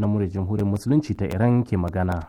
na murya jamhuriyar musulunci ta iran ke magana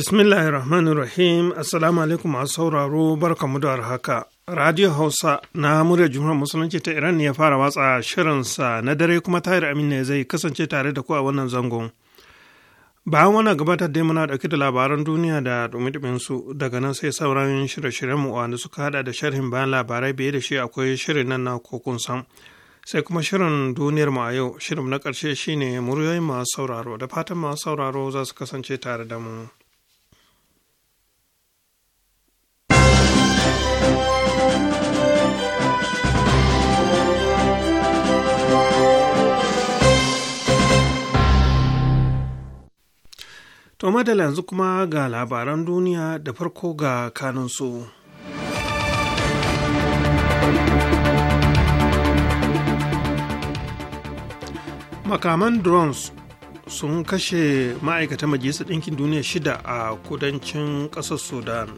bismillahir rahmanir rahim assalamu alaikum masu sauraro barkamu da haka radio hausa na murya jumhuriyar musulunci ta iran ne ya fara watsa shirinsa na dare kuma tahir amina ne zai kasance tare da ku a wannan zangon bayan wannan gabatar da muna dauke da labaran duniya da dumi su daga nan sai sauran shirye-shiryenmu wanda suka hada da sharhin bayan labarai biye da shi akwai shirin nan na kokun san sai kuma shirin duniyar mu a yau shirin na karshe shine muryoyin masu sauraro da fatan masu sauraro za su kasance tare da mu. To madala yanzu kuma ga labaran duniya da farko ga su. Makaman drones sun kashe ma'aikatan majalisar ɗinkin duniya shida a kudancin ƙasar Sudan.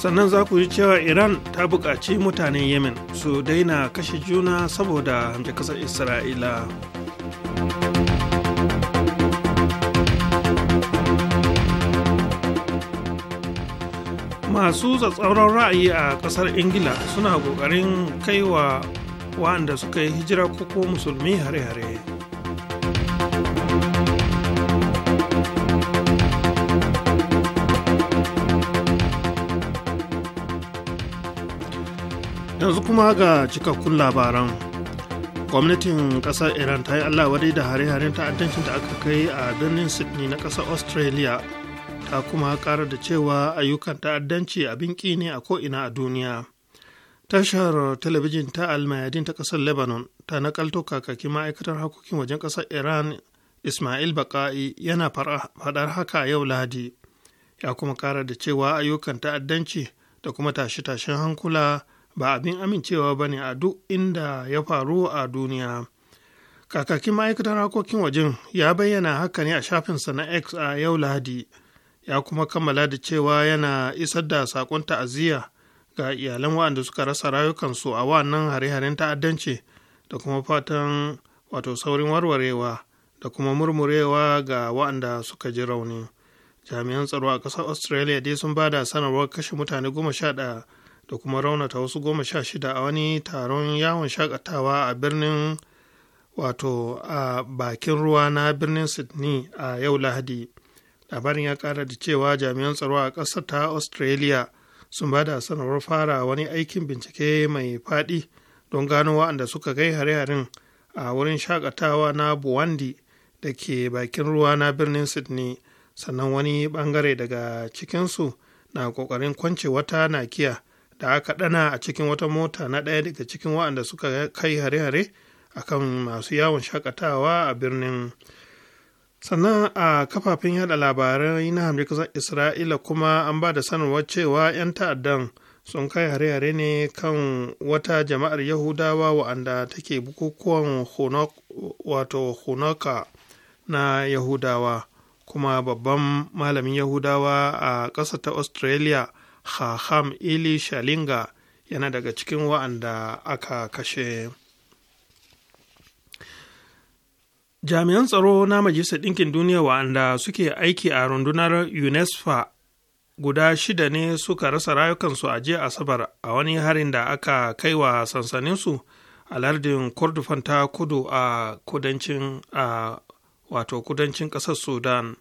sannan za ku ji cewa iran ta buƙaci mutanen yemen su daina kashe juna saboda hamshe ƙasar isra'ila masu tsatsauran ra'ayi a ƙasar ingila suna ƙoƙarin kaiwa waɗanda suka yi hijira ko musulmi hare-hare yanzu kuma ga cikakkun labaran. Gwamnatin ƙasar Iran ta yi alawari da hare-haren ta'addancin da aka kai a birnin Sydney na kasar Australia ta kuma kara da cewa ayyukan ta'addanci abin ƙi ne a ko'ina a duniya. Tashar talabijin ta almayadin ta ƙasar Lebanon ta nakalto kakaki ma'aikatar harkokin wajen ƙasar Iran Ismail Baka'i yana faɗar haka a yau Lahadi. Ya kuma kara da cewa ayyukan ta'addanci da kuma tashe-tashen hankula ba abin amincewa ba ne a duk inda ya faru a duniya kakakin ma'aikatar harkokin wajen ya bayyana haka ne a shafinsa na x a yau lahadi ya kuma kammala da cewa yana isar da saƙon ta'aziyya ga iyalan wa'anda suka rasa rayukansu a wannan hare-haren ta'addanci da kuma fatan wato saurin warwarewa da kuma murmurewa ga wa'anda suka ji rauni jami'an tsaro a ƙasar australia dai sun ba da sanarwar kashe mutane goma sha ɗaya da kuma raunata wasu goma sha shida a wani taron yawon shakatawa a birnin wato a bakin ruwa na birnin sydney a yau lahadi labarin ya kara da cewa jami'an tsaro a ƙasar ta australia sun ba da sanarwar fara wani aikin bincike mai faɗi don gano waɗanda suka kai hare-haren a wurin shakatawa na buwandi da ke bakin ruwa na birnin sydney sannan wani bangare daga cikinsu na ƙoƙarin kwance wata nakiya da aka ɗana a cikin wata mota na ɗaya daga cikin waɗanda suka kai hare-hare a kan masu yawon shakatawa a birnin sannan a kafafen yada labarai na hamdukasar isra'ila kuma an ba da sanarwar cewa 'yan ta'addan sun kai hare-hare ne kan wata jama'ar yahudawa wa'anda take bukukuwan wato hunoka na yahudawa kuma babban malamin yahudawa a ƙasa ta australia haham ili shalinga yana daga cikin wa'anda aka kashe jami'an tsaro na majalisar ɗinkin duniya wa'anda suke aiki a rundunar unesco guda shida ne suka rasa rayukansu a jiya asabar a wani harin da aka kai wa sansaninsu a lardin kordofan kudu a kudancin a wato kudancin ƙasar sudan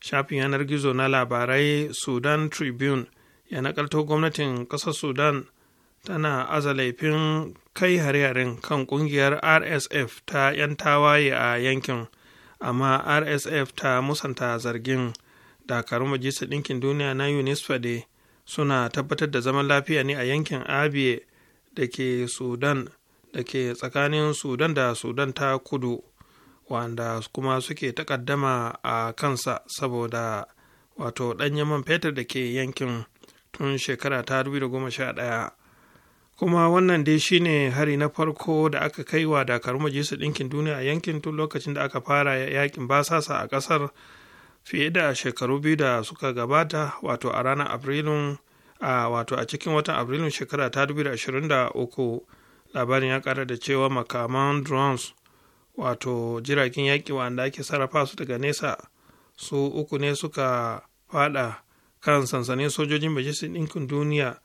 shafin yanar gizo na labarai sudan tribune ya nakalto gwamnatin kasar sudan tana aza laifin kai hare-haren kan kungiyar rsf ta 'yan tawaye a yankin amma rsf ta musanta zargin dakarun majalisar ɗinkin duniya na unesco da suna tabbatar da zaman lafiya ne a yankin abiye da ke sudan da ke tsakanin sudan da sudan ta kudu wanda kuma suke takaddama a kansa saboda wato ɗanyen man fetur da ke yankin tun shekara ta 2011 kuma wannan dai shine hari na farko da aka kai wa dakarun majalisar ɗinkin duniya a yankin tun lokacin da aka fara yakin basasa a ƙasar fiye da shekaru biyu da suka gabata wato a ranar abrilun a wato a cikin watan abrilun shekara ta 2023 labarin ya kara da cewa makaman drones wato jiragen yaƙi wanda ake sarrafa su daga nesa su uku ne suka fada kan sansanin sojojin majalisar ɗinkin duniya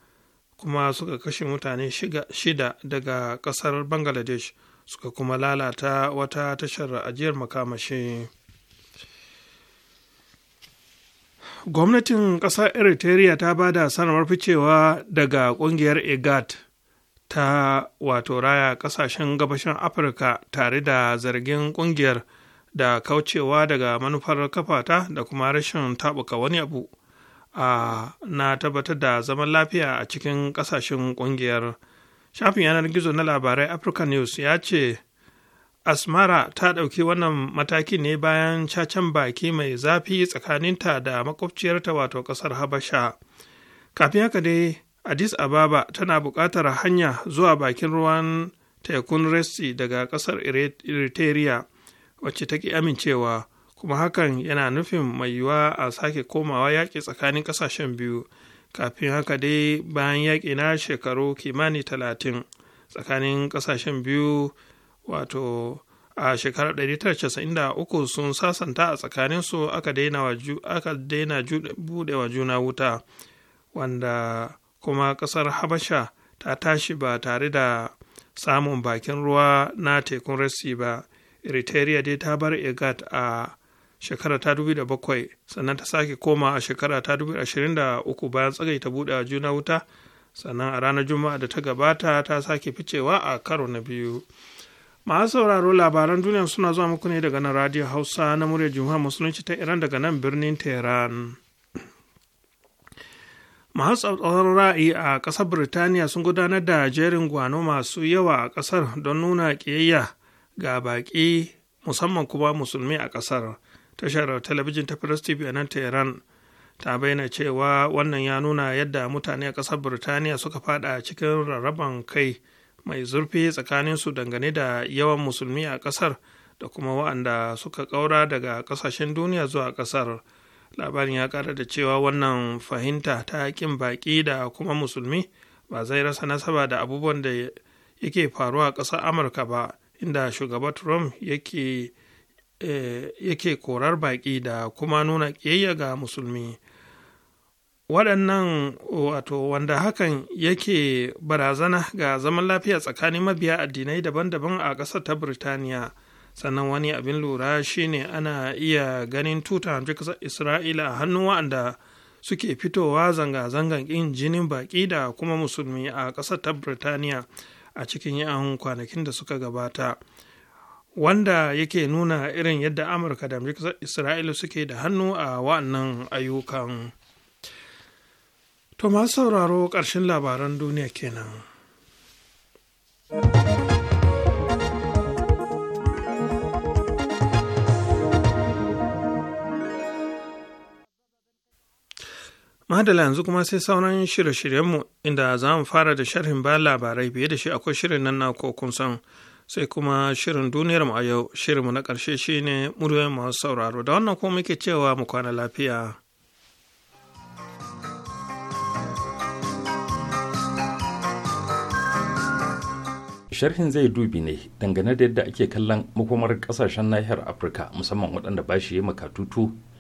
kuma suka kashe mutane shida daga ƙasar bangladesh suka kuma lalata wata tashar ajiyar makamashi gwamnatin ƙasar eritrea ta ba da sanarwar ficewa daga ƙungiyar egat ta wato raya ƙasashen gabashin afirka tare da zargin ƙungiyar da kaucewa daga manufar kafata da kuma rashin taɓuka wani abu na tabbatar da zaman lafiya a cikin ƙasashen ƙungiyar. Shafin yanar gizo na labarai Africa News ya ce, Asmara ta ɗauki wannan mataki ne bayan cacen baki mai zafi tsakaninta da makwabciyarta wato ƙasar Habasha. Kafin haka dai, Addis Ababa tana buƙatar hanya zuwa bakin ruwan tekun Resi daga ƙasar Eritrea, wacce take amincewa. kuma hakan yana nufin mai yiwuwa a sake komawa yaƙi tsakanin ƙasashen biyu kafin haka dai bayan yaƙi na shekaru kimani talatin tsakanin ƙasashen biyu wato a shekarar 1993 sun sasanta a tsakaninsu aka daina buɗe wa juna wuta wanda kuma ƙasar habasha ta tashi ba tare da samun bakin ruwa na tekun resi ba eritrea dai ta bar egat a shekara ta bakwai sannan ta sake koma a shekara ta uku bayan tsagai ta buɗe juna wuta sannan a ranar juma'a da ta gabata ta sake ficewa a karo na biyu masu sauraro labaran duniya suna zuwa muku ne daga nan radio hausa na muryar jumhuriyar musulunci ta iran daga nan birnin tehran masu tsatsauran ra'ayi a ƙasar birtaniya sun gudanar da jerin gwano masu yawa a ƙasar don nuna ƙiyayya ga baƙi musamman kuma musulmi a ƙasar tashar talabijin ta press tv a nan tehran ta bayyana cewa wannan ya nuna yadda mutane a ƙasar birtaniya suka fada cikin rarraban kai mai zurfi tsakanin su dangane da yawan musulmi a ƙasar da kuma waɗanda suka ƙaura daga ƙasashen duniya zuwa ƙasar labarin ya ƙara da cewa wannan fahimta ta ƙin baƙi da kuma musulmi ba zai rasa nasaba da abubuwan da yake faruwa a ƙasar amurka ba inda shugaba trump yake Eh, yake korar baƙi da kuma nuna ƙiyayya ga musulmi waɗannan wato wanda hakan yake barazana ga zaman lafiya tsakanin mabiya addinai daban-daban a ƙasar ta birtaniya sannan wani abin lura shine ana iya ganin tuta ƙasar isra'ila a hannun wa'anda suke fitowa zanga-zangan ƙin jinin baƙi da kuma musulmi a ƙasar ta birtaniya a cikin yan kwanakin da suka gabata wanda yake nuna irin yadda amurka da isra'ila suke da hannu a wannan ayyukan to masu sauraro ƙarshen labaran duniya kenan madala yanzu kuma sai sauran shirye-shiryenmu inda za mu fara da sharhin ba labarai biye da shi akwai shirin nan na kokun san sai kuma shirin duniyar mu a yau shirinmu na ƙarshe shine muryoyin masu sauraro da wannan kuma muke cewa mu kwana lafiya. sharhin zai dubi ne dangane da yadda ake kallon makomar kasashen nahiyar afirka musamman waɗanda ba shi yi makatutu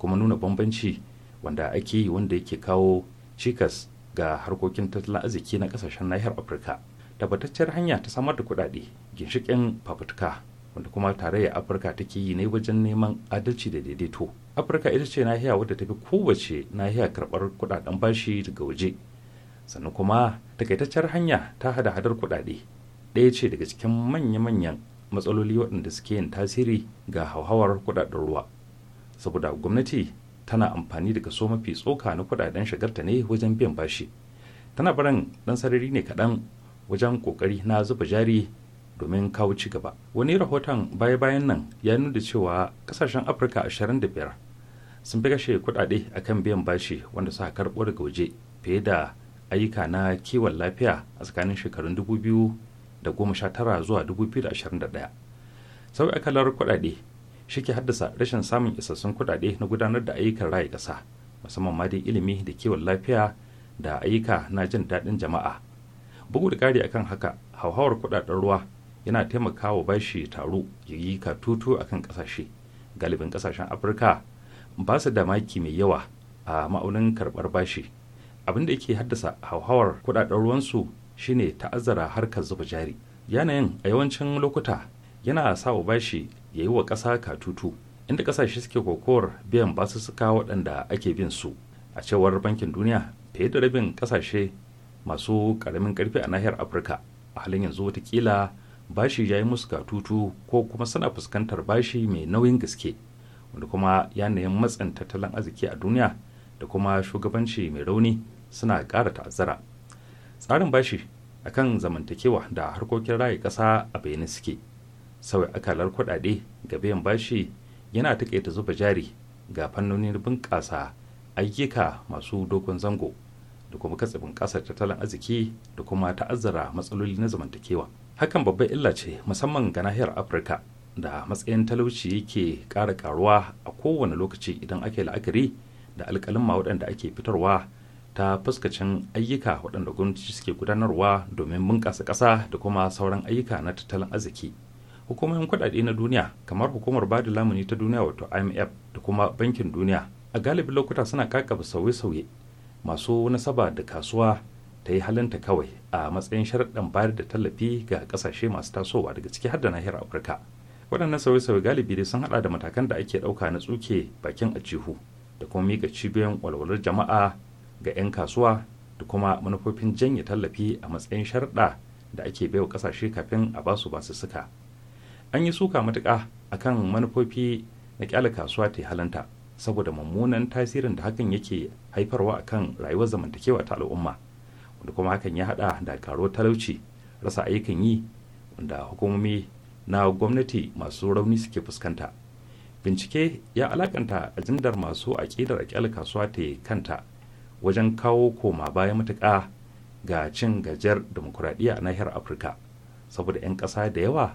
kuma nuna bambanci wanda ake yi wanda yake kawo cikas ga harkokin tattalin arziki na kasashen nahiyar afirka tabbataccen hanya ta samar da kuɗaɗe ginshiƙin fafutuka wanda kuma tarayyar afirka take yi ne wajen neman adalci da daidaito afirka ita ce nahiya wadda ta fi kowace nahiya karɓar kuɗaɗen bashi daga waje sannan kuma takaitaccen hanya ta hada hadar kuɗaɗe ɗaya ce daga cikin manya-manyan matsaloli waɗanda suke yin tasiri ga hauhawar kuɗaɗen ruwa saboda gwamnati tana amfani da kaso mafi tsoka na kudaden shigarta ne wajen biyan bashi tana barin dan sarari ne kaɗan wajen kokari na zuba jari domin kawo ci gaba wani rahoton baya-bayan nan ya nuna cewa kasashen afirka 25 sun fi kashe kudade akan biyan bashi wanda suka karɓo daga waje fiye da ayyuka na kiwon lafiya a tsakanin shekarun 2019 zuwa 2021 sau akalar kudade shi ke haddasa rashin samun isassun kuɗaɗe na gudanar da ayyukan raya ƙasa musamman ma dai ilimi da kiwon lafiya da ayyuka na jin daɗin jama'a bugu da ƙari akan haka hauhawar kuɗaɗen ruwa yana taimakawa bashi taro ya yi katutu akan ƙasashe galibin ƙasashen afirka ba su da maki mai yawa a ma'aunin karɓar bashi abin da yake haddasa hauhawar kuɗaɗen su shine ta'azzara harkar zuba jari yanayin a yawancin lokuta yana sa wa bashi ya yi wa ƙasa katutu inda ƙasashe suke kokowar biyan basussuka waɗanda ake bin su a cewar bankin duniya fiye da rabin ƙasashe masu ƙaramin ƙarfi a nahiyar afirka a halin yanzu watakila bashi ya yi musu katutu ko kuma suna fuskantar bashi mai nauyin gaske wanda kuma yanayin matsin tattalin arziki a duniya da kuma shugabanci mai rauni suna ƙara ta'azzara tsarin bashi akan zamantakewa da harkokin raye ƙasa a bayyane suke sauya akalar kuɗaɗe ga biyan bashi yana taƙaita zuba jari ga fannonin bunƙasa ayyuka masu dogon zango da kuma katsibin ƙasar tattalin arziki da kuma ta'azzara matsaloli na zamantakewa hakan babbar illa ce musamman ga nahiyar afirka da matsayin talauci yake ƙara karuwa a kowane lokaci idan ake la'akari da alƙalin waɗanda ake fitarwa ta fuskacin ayyuka waɗanda gwamnati suke gudanarwa domin bunƙasa ƙasa da kuma sauran ayyuka na tattalin arziki hukumomin kudade na duniya kamar hukumar bada lamuni ta duniya wato imf da kuma bankin duniya a galibi lokuta suna kakaba sauye-sauye masu nasaba da kasuwa ta yi halinta kawai a matsayin sharaɗin bayar da tallafi ga kasashe masu tasowa daga ciki har da nahiyar afirka waɗannan sauye-sauye galibi dai sun haɗa da matakan da ake ɗauka na tsuke bakin a cihu da kuma mika cibiyoyin walwalar jama'a ga 'yan kasuwa da kuma manufofin janye tallafi a matsayin sharaɗa da ake baiwa kasashe kafin a basu basu suka an yi suka matuƙa kan manufofi na kyale kasuwa ta halanta saboda mummunan tasirin da hakan yake haifarwa a kan rayuwar zamantakewa ta al'umma wanda kuma hakan ya haɗa da karo talauci rasa ayyukan yi wanda hukumomi na gwamnati masu rauni suke fuskanta bincike ya alakanta ajindar masu aƙidar kyale kasuwa ta kanta wajen kawo koma baya matuƙa ga cin gajiyar demokuraɗiyya a nahiyar afirka saboda 'yan ƙasa da yawa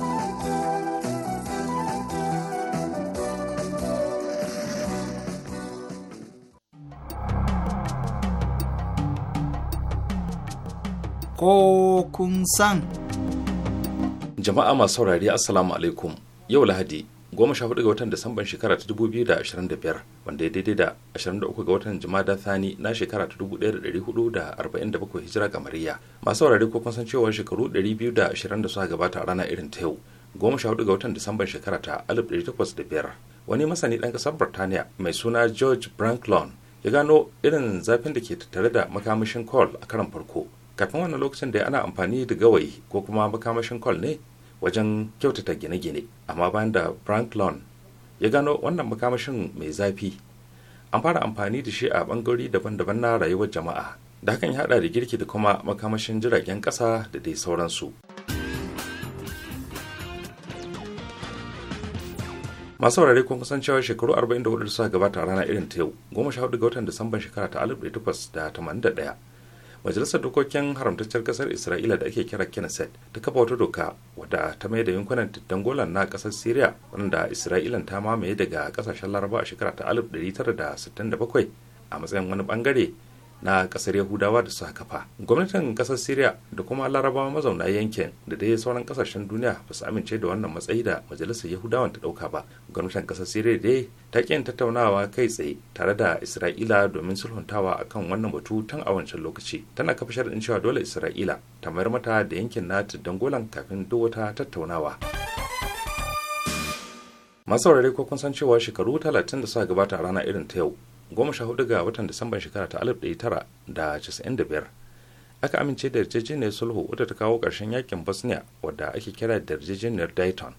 ko kun san. Jama'a masu saurari Assalamu alaikum yau Lahadi goma sha hudu ga watan Disamban shekara ta dubu biyu da ashirin da biyar wanda ya daidai da ashirin da uku ga watan Jumada Thani na shekara ta dubu ɗaya da ɗari hudu da arba'in da bakwai hijira ga Mariya. masu saurari ko kun san cewa shekaru ɗari biyu da ashirin da suka gabata a rana irin ta yau goma sha hudu ga watan Disamban shekara ta alif ɗari takwas da biyar wani masani ɗan ƙasar Birtaniya mai suna George Branklon ya gano irin zafin da ke tattare da makamashin Cole a karan farko kafin wannan lokacin da ana amfani da gawayi ko kuma makamashin kwal ne wajen kyautata gine-gine amma bayan da franklin ya gano wannan makamashin mai zafi an fara amfani da shi a bangarori daban-daban na rayuwar jama'a da hakan ya hada da girki da kuma makamashin jiragen kasa da dai sauransu masu saurare kun kusan cewa shekaru 44 da suka gabata rana irin ta yau 14 ga watan disamban shekara ta 1881 majalisar dokokin haramtaccen kasar isra'ila da ake kira kenneth ta kafa wata doka wadda ta mai da yankunan tiddan na kasar syria wanda isra'ila ta mamaye daga kasashen laraba a shekara ta 1967 a matsayin wani bangare na kasar yahudawa da suka kafa gwamnatin kasar syria da kuma larabawa mazauna yankin da dai sauran kasashen duniya ba su amince da wannan matsayi da majalisar yahudawan ta dauka ba gwamnatin kasar syria dai ta yin tattaunawa kai tsaye tare da isra'ila domin sulhuntawa akan wannan batu tun a wancan lokaci tana kafa sharadin cewa dole isra'ila ta mayar mata da yankin nata dangolan kafin duk wata tattaunawa masu ko kun san cewa shekaru 30 da suka gabata rana irin ta yau goma sha hudu ga watan disamban shekara ta alif ɗaya tara da casa'in da biyar aka amince da yarjejeniyar sulhu wadda ta kawo ƙarshen yakin bosnia wadda ake kira da yarjejeniyar dayton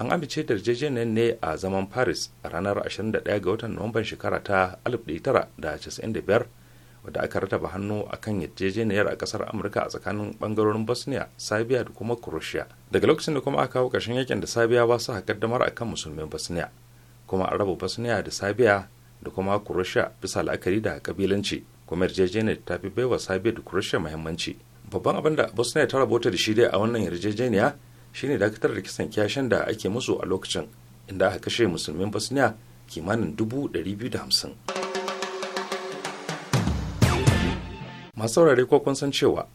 an amince da yarjejeniyar ne a zaman paris a ranar 21 ga watan nuwamban shekara ta 1995 wadda aka rataba hannu a kan yarjejeniyar a kasar amurka a tsakanin ɓangarorin bosnia sabiya da kuma croatia daga lokacin da kuma aka kawo ƙarshen yakin da sabiya ba su haƙaddamar a kan musulmin bosnia kuma a raba bosnia da sabiya da kuma kurusha bisa la'akari da kabilanci kuma yarjejeniyar ta fi baiwa sabiyar da kurusha muhimmanci babban abin da bosnia ta rabota da shi dai a wannan yarjejeniya shine dakatar da kisan kyashin da ake musu a lokacin inda aka kashe musulmin bosnia kimanin dubu hamsin. masu saurare ko kun san cewa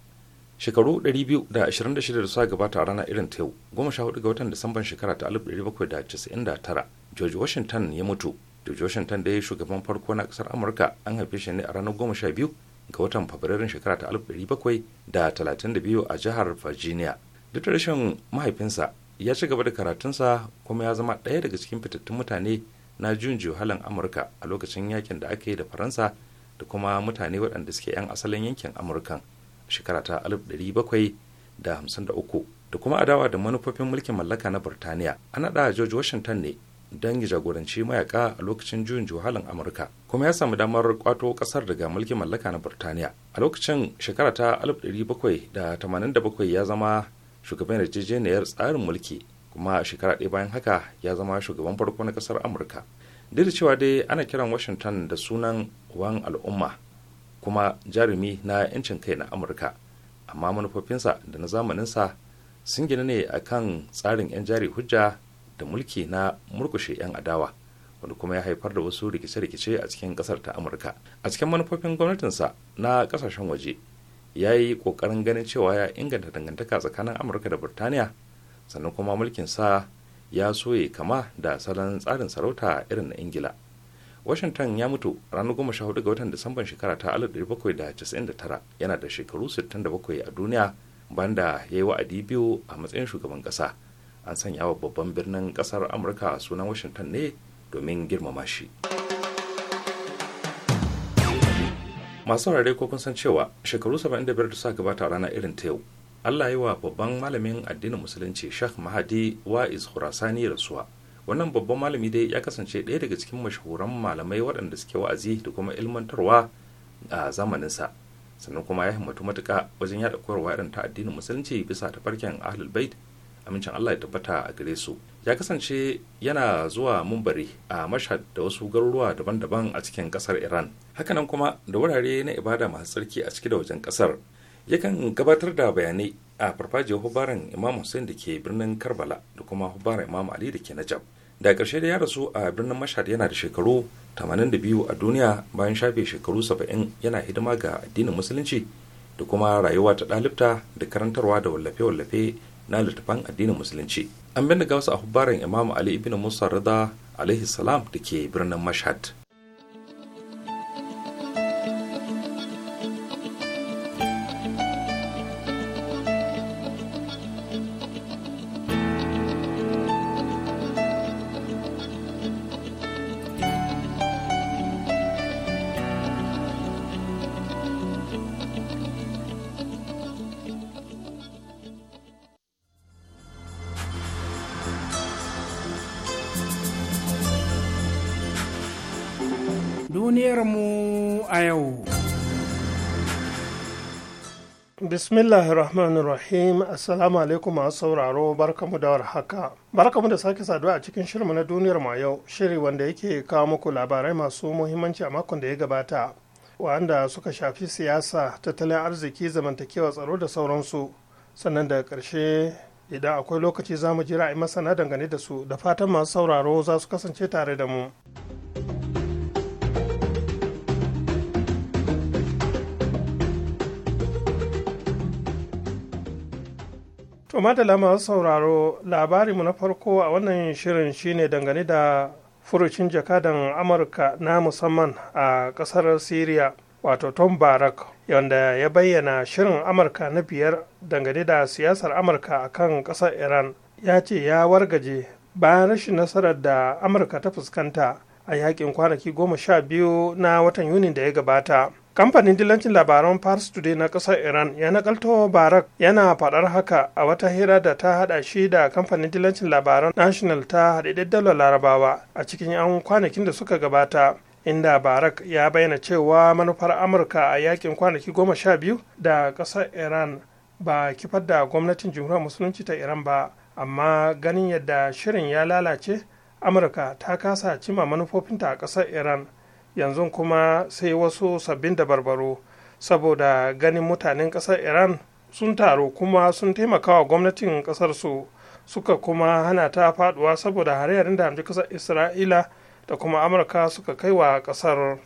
shekaru 226 da suka gabata a rana irin ta yau hudu ga watan disamban shekara ta 1799 george washington ya mutu george washington dai shugaban farko na kasar amurka an haife shi ne a ranar goma sha biyu ga watan fabrairun shekara ta alif ɗari bakwai da talatin da biyu a jihar virginia duk da rashin mahaifinsa ya ci gaba da karatunsa kuma ya zama ɗaya daga cikin fitattun mutane na jun halin amurka a lokacin yakin da aka yi da faransa da kuma mutane waɗanda suke 'yan asalin yankin amurkan shekara ta 1753 da kuma adawa da manufofin mulkin mallaka na burtaniya an ɗaya george washington ne don ya jagoranci mayaka a lokacin juyin juhalin amurka kuma ya samu damar kwato kasar daga mulkin mallaka na burtaniya a lokacin shekara ta 1787 ya zama shugaban yarjejeniyar tsarin mulki kuma shekara ɗaya bayan haka ya zama shugaban farko na kasar amurka duk da cewa dai ana kiran washington da sunan wan al'umma kuma jarumi na 'yancin kai na amurka amma manufofinsa da na zamaninsa sun gina ne akan tsarin 'yan jari hujja da mulki na murkushe 'yan adawa wanda kuma ya haifar da wasu rikice-rikice a cikin kasar ta amurka a cikin manufofin gwamnatinsa na kasashen waje ya yi kokarin ganin cewa ya inganta dangantaka tsakanin amurka da burtaniya sannan kuma mulkin sa ya soye kama da salon tsarin sarauta irin na ingila washington ya mutu ranar 14 ga watan disamban shekara ta 1799 yana da shekaru 67 a duniya banda ya yi wa'adi biyu a matsayin shugaban kasa an sanya wa babban birnin kasar amurka sunan washington ne domin girmama shi masu rare ko kun san cewa shekaru 75 da suka gabata rana irin ta yau allah yi wa babban malamin addinin musulunci shah mahadi wa'iz khurasani rasuwa wannan babban malami dai ya kasance ɗaya daga cikin mashahuran malamai waɗanda suke wa'azi da kuma ilmantarwa a zamaninsa sannan kuma ya himmatu matuka wajen yaɗa koyarwa irin ta addinin musulunci bisa tafarkin ahlul bait amincin Allah ya tabbata a gare su ya kasance yana zuwa mumbari a mashad da wasu garuruwa daban-daban a cikin kasar iran hakanan kuma da wurare na ibada masu tsarki a ciki da wajen kasar yakan gabatar da bayanai a farfajiyar hubaran imam hussein da ke birnin karbala da kuma hubaran imam ali da ke najab da ƙarshe da ya rasu a birnin mashad yana da shekaru 82 a duniya bayan shafe shekaru 70 yana hidima ga addinin musulunci da kuma rayuwa ta ɗalibta da karantarwa da wallafe-wallafe na littafan addinin musulunci an ga wasu a hubbaran imam ali ibn musa rida alaihi salam da ke birnin mashhad duniyarmu a yau. rahim Assalamu alaikum masu sauraro barkamu da warhaka. Barkamu da sake saduwa a cikin shirinmu na duniyar mu yau, shiri wanda yake kawo muku labarai masu muhimmanci a makon da ya gabata, wanda suka shafi siyasa, tattalin arziki, zamantakewa tsaro da sauransu. Sannan daga ƙarshe idan akwai lokaci za mu a ra'ayi masana dangane da su da fatan masu sauraro za su kasance tare da mu. To madala masu sauraro labarinmu na farko a wannan shirin shine dangane da furucin jakadan Amurka na musamman a ƙasar Siriya wato Tom Barak wanda ya bayyana shirin Amurka na biyar dangane da siyasar Amurka a kan ƙasar Iran ya ce ya wargaje bayan rashin nasarar da Amurka ta fuskanta a yakin kwanaki goma sha biyu na watan Yunin da ya gabata. kamfanin dillancin labaran pars today na kasar iran ya nakalto barak yana faɗar haka a wata hira da ta haɗa shi da kamfanin dillancin labaran national ta haɗaɗɗen larabawa a cikin 'yan kwanakin da suka gabata inda barak ya bayyana cewa manufar amurka a yakin kwanaki goma sha biyu da ƙasar iran ba kifar da gwamnatin jamhuriyar musulunci ta iran ba amma ganin yadda shirin ya lalace amurka ta kasa cima manufofinta a ƙasar iran yanzu kuma sai wasu sabbin dabarbaro saboda ganin mutanen ƙasar iran sun taru kuma sun taimaka wa gwamnatin ƙasarsu su suka kuma hana ta faduwa saboda hare da hamji ƙasar isra'ila da kuma amurka suka kai wa ƙasar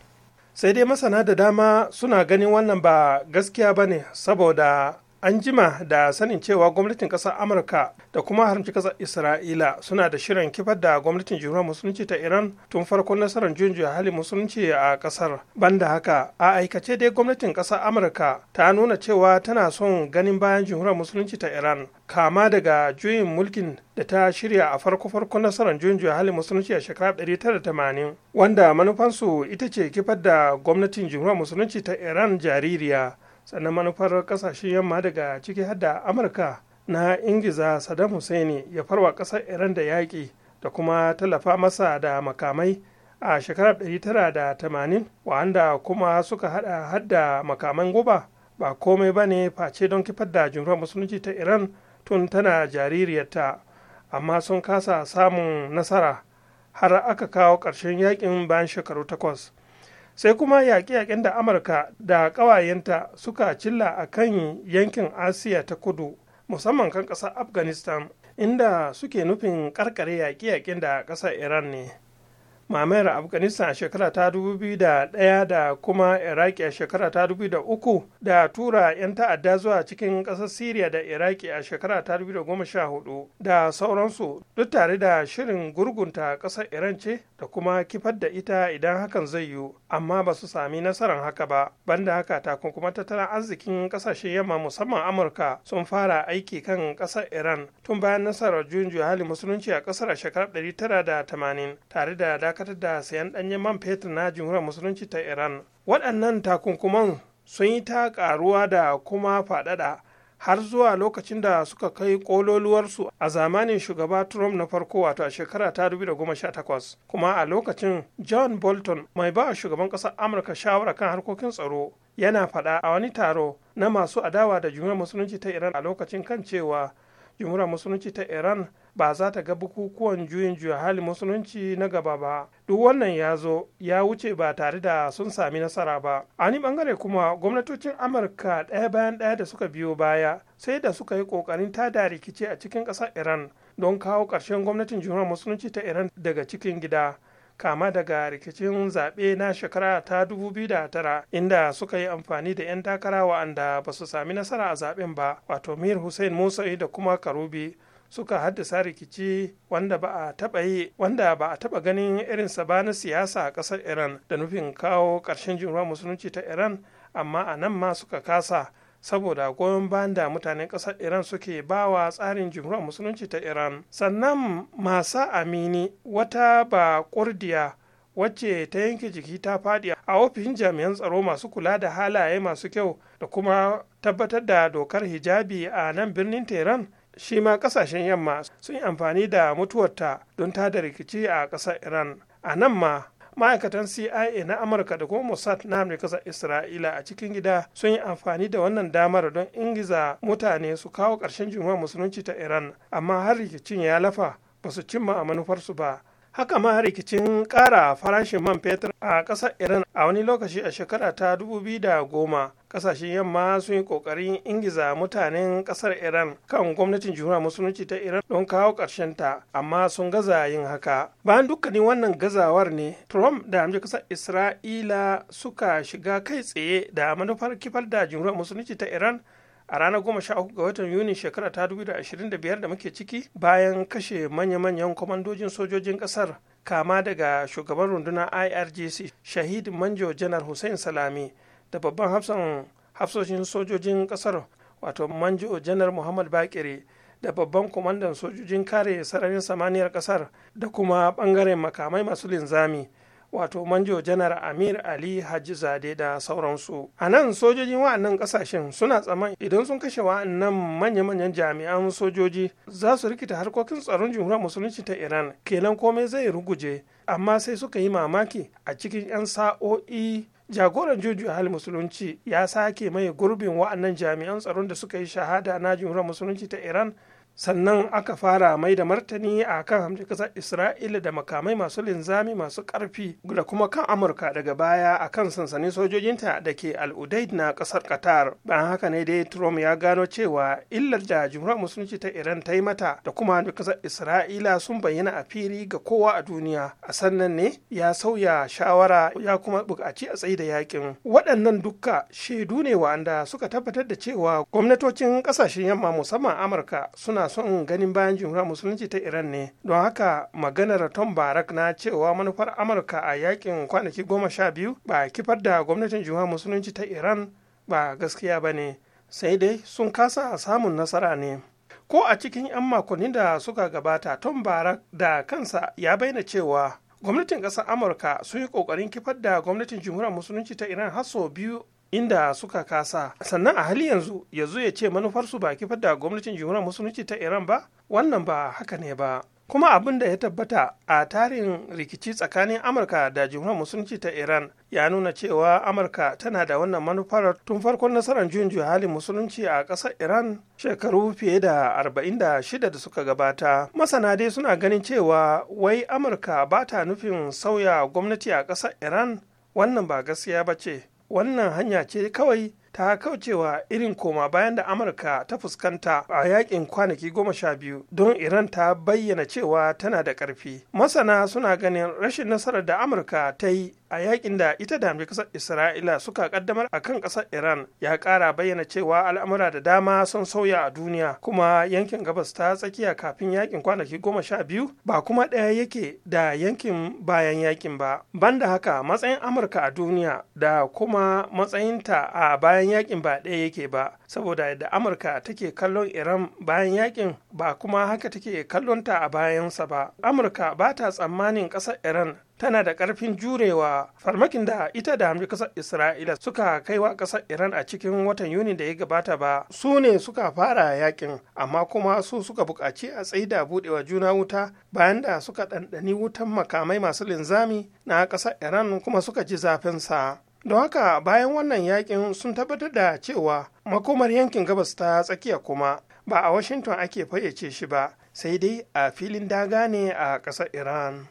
sai dai masana da dama suna ganin wannan ba gaskiya ba ne saboda an jima da sanin cewa gwamnatin kasar amurka da kuma haramci kasar isra'ila suna da shirin kifar da gwamnatin jihuwar musulunci ta iran tun farko nasarar junjiya hali musulunci a kasar banda haka a aikace dai gwamnatin kasar amurka ta nuna cewa tana son ganin bayan jihuwar musulunci ta iran kama daga juyin mulkin da ta shirya a farko-farkon nasarar junjiya hali musulunci a shekara ɗari da tamanin. wanda manufansu ita ce kifar da gwamnatin jihuwar musulunci ta iran jaririya sannan manufar kasashen yamma daga ciki hadda amurka na ingiza saddam hussein ya farwa kasar iran da yaƙi da kuma tallafa masa da makamai a shekarar 1980 wa'anda kuma suka hada hadda makaman guba ba komai ba ne face don kifar da jumhuriyar musulunci ta iran tun tana jaririyarta amma sun kasa samun nasara har aka kawo ƙarshen yakin bayan shekaru takwas sai kuma yaƙi yaƙen da amurka da ƙawayenta suka cilla a kan yankin asiya ta kudu musamman kan ƙasar afghanistan inda suke nufin ƙarƙare yaƙi yaƙen da ƙasar iran ne mamayar afghanistan a shekara ta 2001 da kuma iraki a shekara ta 2003 da tura 'yan ta'adda zuwa cikin ƙasar syria da iraki a shekara ta 2014 da sauransu duk tare da shirin gurgunta ƙasar iran ce da kuma kifar da ita idan hakan zai yiwu amma ba su sami nasarar haka ba banda haka takunkuma tattalin arzikin kasashen yamma musamman amurka sun fara aiki kan kasar iran tun bayan nasarar juyin hali musulunci a kasar a shekarar 1980 tare da dakatar da sayan danyen man fetur na jimhuriyar musulunci ta iran waɗannan takunkuman sun yi ta ƙaruwa da kuma faɗaɗa har zuwa lokacin da suka kai kololuwarsu a zamanin shugaba Trump na farko wato a shekara ta 2018 kuma a lokacin John Bolton mai ba shugaban ƙasar Amurka shawara kan harkokin tsaro yana faɗa a wani taro na masu adawa da jumhuriyar musulunci ta Iran a lokacin kan cewa jumhuriyar musulunci ta Iran ba za ta ga bukukuwan juyin juya hali musulunci na gaba ba duk wannan ya zo ya wuce ba tare da sun sami nasara ba a ni bangare kuma gwamnatocin amurka ɗaya bayan ɗaya da suka biyo baya sai da suka yi ƙoƙarin da rikici a cikin ƙasar iran don kawo ƙarshen gwamnatin jihar musulunci ta iran daga cikin gida kama daga rikicin zaɓe na shekara ta dubu biyu da tara. inda suka yi amfani da 'yan takara wa'anda ba su sami nasara a zaɓen ba wato mir hussein musa da kuma karubi suka haddasa rikici wanda ba a taɓa yi wanda ba a taba ganin irinsa ba na siyasa a ƙasar iran da nufin kawo ƙarshen jumhuriyar musulunci ta iran amma a nan ma suka kasa saboda goyon bayan da mutanen ƙasar iran suke bawa tsarin jumhuriyar musulunci ta iran sannan masa amini wata ba kurdiya wacce ta yanke jiki ta faɗi a ofishin jami'an tsaro masu kula da halaye masu kyau da kuma tabbatar da dokar hijabi a nan birnin tehran shi ma kasashen yamma sun yi amfani da mutuwarta don ta da rikici a ƙasar iran a nan ma ma'aikatan cia na amurka da kuma mossad na amurka isra'ila a cikin gida sun yi amfani da wannan damar don ingiza mutane su kawo ƙarshen juma musulunci ta iran amma har rikicin ya lafa ba su cimma a manufarsu ba haka ma rikicin ƙara farashin man fetur a ƙasar iran a wani lokaci a shekara ta 2010 kasashen yamma sun yi kokarin ingiza mutanen kasar iran kan gwamnatin jihuna musulunci ta iran don kawo ta amma sun gaza yin haka bayan dukkanin wannan gazawar ne trump da amince kasar isra'ila suka shiga kai tsaye da manufar kifar da jihuna musulunci ta iran a ranar goma sha uku ga watan yuni shekara ta dubu da ashirin da biyar da muke ciki bayan kashe manya-manyan kwamandojin sojojin kasar kama daga shugaban rundunar irgc shahid manjo janar hussein salami da babban hafsan hafsoshin sojojin kasar wato manjo janar muhammad bakire da babban kwamandan sojojin kare sararin samaniyar kasar da kuma bangaren makamai masu linzami wato manjo janar amir ali haji zade da sauransu a nan sojojin wa'annan kasashen suna tsaman idan sun kashe wa'annan manya-manyan jami'an sojoji za su rikita harkokin tsaron jihunan musulunci ta iran kenan komai zai ruguje amma sai suka yi mamaki a cikin 'yan sa'o'i jagoran juju hali musulunci ya sake mai gurbin wa'annan jami'an tsaron da suka yi shahada na jumhuriyar musulunci ta iran sannan aka fara mai da martani a kan hamshin ƙasar isra'ila da makamai masu linzami masu ƙarfi da kuma kan amurka daga baya a kan sansanin sojojinta da ke al'udaid na ƙasar qatar bayan haka ne dai trump ya gano cewa illar da jumhuriyar musulunci ta iran ta yi mata da kuma hamshin ƙasar isra'ila sun bayyana a fili ga kowa a duniya a sannan ne ya sauya shawara ya kuma buƙaci a tsayi da yakin waɗannan dukka shaidu ne wa'anda suka tabbatar da cewa gwamnatocin ƙasashen yamma musamman amurka suna son ganin bayan jumhuriyar musulunci ta iran ne don haka maganar tom barak na cewa manufar amurka a yakin kwanaki goma sha biyu ba kifar da gwamnatin jumhuriyar musulunci ta iran ba gaskiya ba ne sai dai sun kasa samun nasara ne ko a cikin 'yan makonni da suka gabata tom barak da kansa ya bayyana cewa gwamnatin ƙasar amurka sun yi ƙoƙarin kifar da gwamnatin jumhuriyar musulunci ta iran har biyu inda suka kasa sannan a hali yanzu ya zo ya ce manufarsu ba kifar da gwamnatin jihunan musulunci ta iran ba wannan ba haka ne ba kuma abin da ya tabbata a tarin rikici tsakanin amurka da jihunan musulunci ta iran ya nuna cewa amurka tana da wannan manufar tun farkon nasarar juyin juya halin musulunci a ƙasar iran shekaru fiye da arba'in da shida da suka gabata masana dai suna ganin cewa wai amurka ba ta nufin sauya gwamnati a ƙasar iran wannan ba gaskiya ba ce wannan hanya ce kawai ta kaucewa irin koma bayan da amurka ta fuskanta a yakin kwanaki goma sha biyu don iran ta bayyana cewa tana da ƙarfi masana suna ganin rashin nasarar da amurka ta yi a yakin da ita da kasar isra'ila suka kaddamar a kan kasar iran ya kara bayyana cewa al'amura da dama sun sauya a duniya kuma yankin gabas ta tsakiya kafin yakin kwanaki goma sha biyu ba kuma ɗaya yake da yankin bayan yakin ba banda haka matsayin amurka a duniya da kuma matsayinta a bayan yakin ba ɗaya yake ba saboda yadda amurka take kallon iran bayan yakin ba kuma haka take kallonta a bayansa ba amurka ba ta tsammanin ƙasar iran tana da ƙarfin jurewa farmakin da ita da hamji ƙasar isra'ila suka kaiwa ƙasar iran a cikin watan yuni da ya gabata ba su ne suka fara yakin amma kuma su suka buƙaci a tsaida buɗewa juna wuta bayan da suka ɗanɗani wutan makamai masu linzami na ƙasar iran kuma suka ji zafinsa don haka bayan wannan yakin sun tabbatar da cewa makomar yankin gabas ta tsakiya kuma ba a washington ake fayyace shi ba sai dai a filin daga ne a ƙasar iran.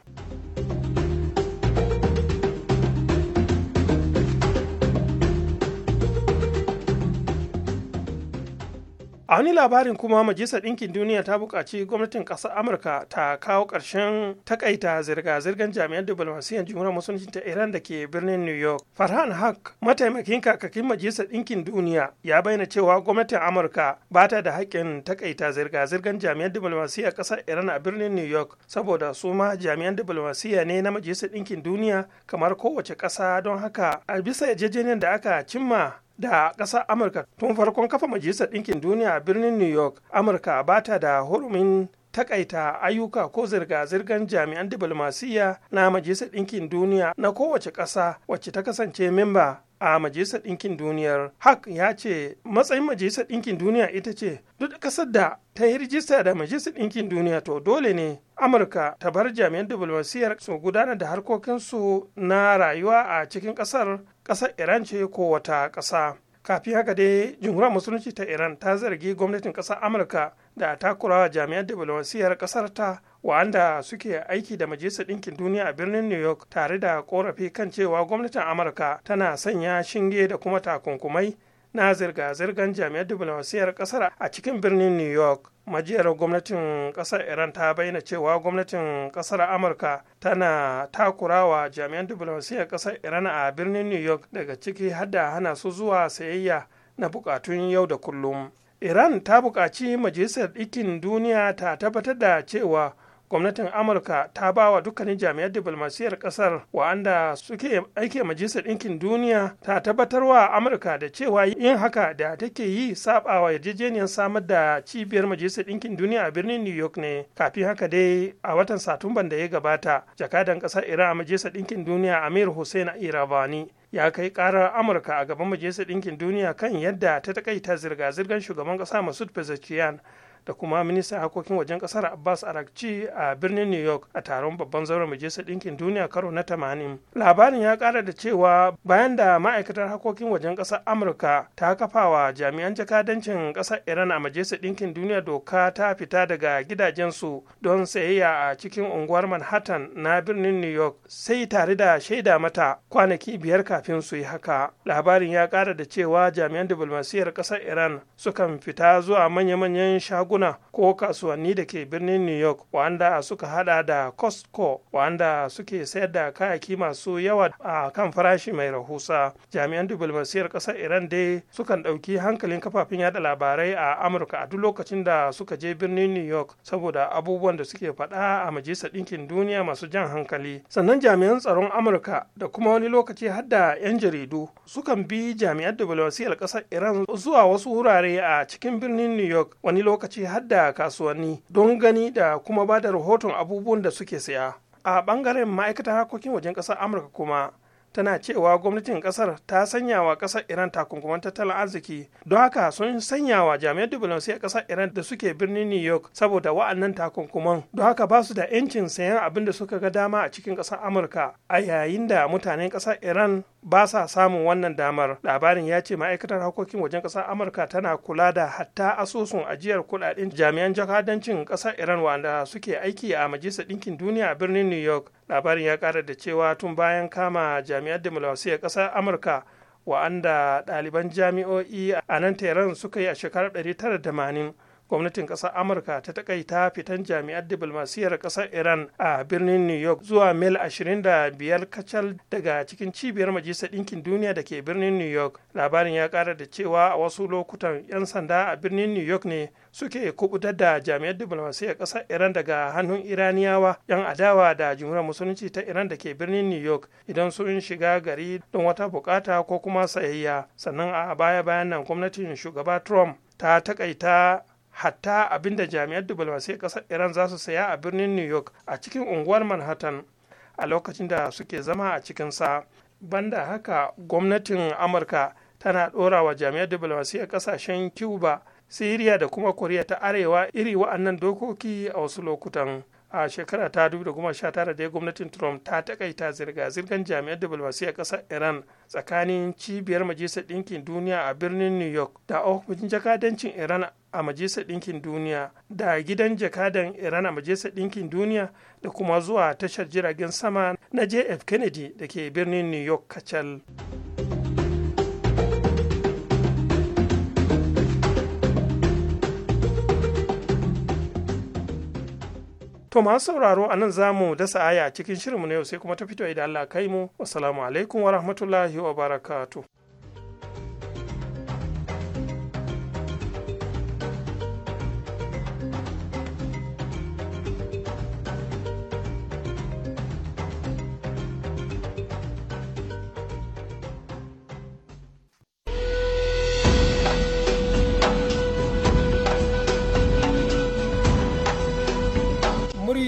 a wani labarin kuma majalisar ɗinkin duniya ta buƙaci gwamnatin ƙasar amurka ta kawo ƙarshen takaita zirga-zirgar jami'an diplomasiyyar jimhuriyar musulunci ta iran da ke birnin new york farhan haq mataimakin kakakin majalisar ɗinkin duniya ya bayyana cewa gwamnatin amurka ba ta da haƙƙin takaita zirga-zirgar jami'an diplomasiyyar ƙasar iran a birnin new york saboda su ma jami'an diplomasiyyar ne na majalisar ɗinkin duniya kamar kowace ƙasa don haka a bisa yarjejeniyar da aka cimma da ƙasar amurka tun farkon kafa majalisar ɗinkin duniya a birnin new york amurka ba ta da hurumin takaita ayyuka ko zirga-zirgar jami'an diplomasiyya na majalisar ɗinkin duniya na kowace ƙasa wacce ta kasance memba a majalisar ɗinkin duniyar hak ya ce matsayin majalisar ɗinkin duniya ita ce duk ƙasar da ta yi rijista da majalisar ɗinkin duniya to dole ne amurka ta bar jami'an diplomasiyyar su gudanar da harkokinsu na rayuwa a cikin ƙasar ƙasar iran ce ko wata ƙasa kafin haka dai jumhuriyar musulunci ta iran ta zargi gwamnatin ƙasar amurka da takurawa jami'an diplomasiyar ƙasar ta wa'anda suke aiki da majalisar ɗinkin duniya a birnin new york tare da ƙorafi kan cewa gwamnatin amurka tana sanya shinge da kuma takunkumai na zirga-zirgar jami'ar diplomasiyar kasar a cikin birnin new york majiyar gwamnatin kasar iran ta bayyana cewa gwamnatin kasar amurka tana takurawa jami'an diplomasiyar kasar iran a birnin new york daga ciki hada hana su zuwa sayayya na bukatun yau da kullum iran ta buƙaci majalisar ikin duniya ta tabbatar da cewa gwamnatin amurka ta ba wa dukkanin Jami'ar diplomasiyar kasar wa'anda suke aiki majalisar ɗinkin duniya ta tabbatar wa amurka da cewa yin haka da take yi sabawa yarjejeniyar samar da cibiyar majalisar ɗinkin duniya a birnin new york ne kafin haka dai a watan satumban da ya gabata jakadan kasar iran a majalisar ɗinkin duniya amir hussein iravani ya kai karar amurka a gaban majalisar ɗinkin duniya kan yadda ta takaita zirga-zirgar shugaban ƙasa masud pezeshkian da kuma ministan harkokin wajen kasar abbas arakci a birnin new york a taron babban zauren majalisar ɗinkin duniya karo na tamanin. labarin ya ƙara da cewa bayan da ma'aikatar harkokin wajen ƙasar amurka ta kafa wa jami'an jakadancin ƙasar iran a majalisar ɗinkin duniya doka ta fita daga gidajensu don sayayya a cikin unguwar manhattan na birnin new york sai tare da shaida mata kwanaki biyar kafin su yi haka labarin ya ƙara da cewa jami'an diplomasiyar ƙasar iran sukan fita zuwa manya-manyan shagunan bankuna ko kasuwanni da ke birnin new york wanda suka hada da costco wanda suke sayar da kayaki masu yawa a kan farashi mai rahusa jami'an diplomasiyar ƙasar iran dai sukan ɗauki hankalin kafafen yada labarai a amurka a duk lokacin da suka je birnin new york saboda abubuwan da suke faɗa a majalisar ɗinkin duniya masu jan hankali sannan jami'an tsaron amurka da kuma wani lokaci har da 'yan jaridu sukan bi jami'an diplomasiyar ƙasar iran zuwa wasu wurare a cikin birnin new york wani lokaci hadda da kasuwanni don gani da kuma ba da rahoton abubuwan da suke saya a ɓangaren ma'aikatar harkokin wajen ƙasar amurka kuma tana cewa gwamnatin kasar ta sanya wa kasar iran takunkuman tattalin arziki don haka sun sanya wa jami'an a kasar iran da suke birnin new york saboda wa'annan takunkuman don haka ba su da yancin sayan abin da suka ga dama a cikin kasar amurka a yayin da mutanen kasar iran ba sa samun wannan damar labarin ya ce ma'aikatar harkokin wajen kasar amurka tana kula da hatta asusun ajiyar kudaden jami'an jakadancin kasar iran wanda suke aiki a majalisar ɗinkin duniya a birnin new york labarin ya kara da cewa tun bayan kama jami'ar a ƙasar amurka wa'anda ɗaliban jami'o'i a nan teran suka yi a shekarar 1980 gwamnatin ƙasar amurka ta takaita fitan jami'ar diplomasiyar ƙasar iran a birnin new york zuwa mil 25 kacal daga cikin cibiyar majalisar ɗinkin duniya da ke birnin new york labarin ya ƙara da cewa a wasu lokutan 'yan sanda a birnin new york ne suke kubutar da jami'ar diplomasiyar ƙasar iran daga hannun iraniyawa 'yan adawa da jumhuriyar musulunci ta iran da ke birnin new york idan sun shiga gari don wata bukata ko kuma sayayya sannan a baya bayan nan gwamnatin shugaba trump ta takaita hatta abinda jami'ar diplomasiyya kasar iran za su saya a birnin new york a cikin unguwar manhattan a lokacin da suke zama a cikin cikinsa banda haka gwamnatin amurka tana dora wa jami'ar a ƙasashen cuba siriya da kuma koriya ta arewa iri wa'annan dokoki a wasu lokutan a shekara ta 2019 da gwamnatin trump ta takaita zirga-zirgar jami'ar a kasar iran tsakanin cibiyar majalisar ɗinkin duniya a birnin new york da ofishin jakadancin iran a majalisar ɗinkin duniya da gidan jakadan iran a majalisar ɗinkin duniya da kuma zuwa tashar jiragen sama na jf kennedy da ke birnin new york kacal to masu sauraro a nan zamu mu dasa aya cikin shirinmu na yau sai kuma ta fito idan allah kai mu wasalamu alaikum wa rahmatullahi wa barakatu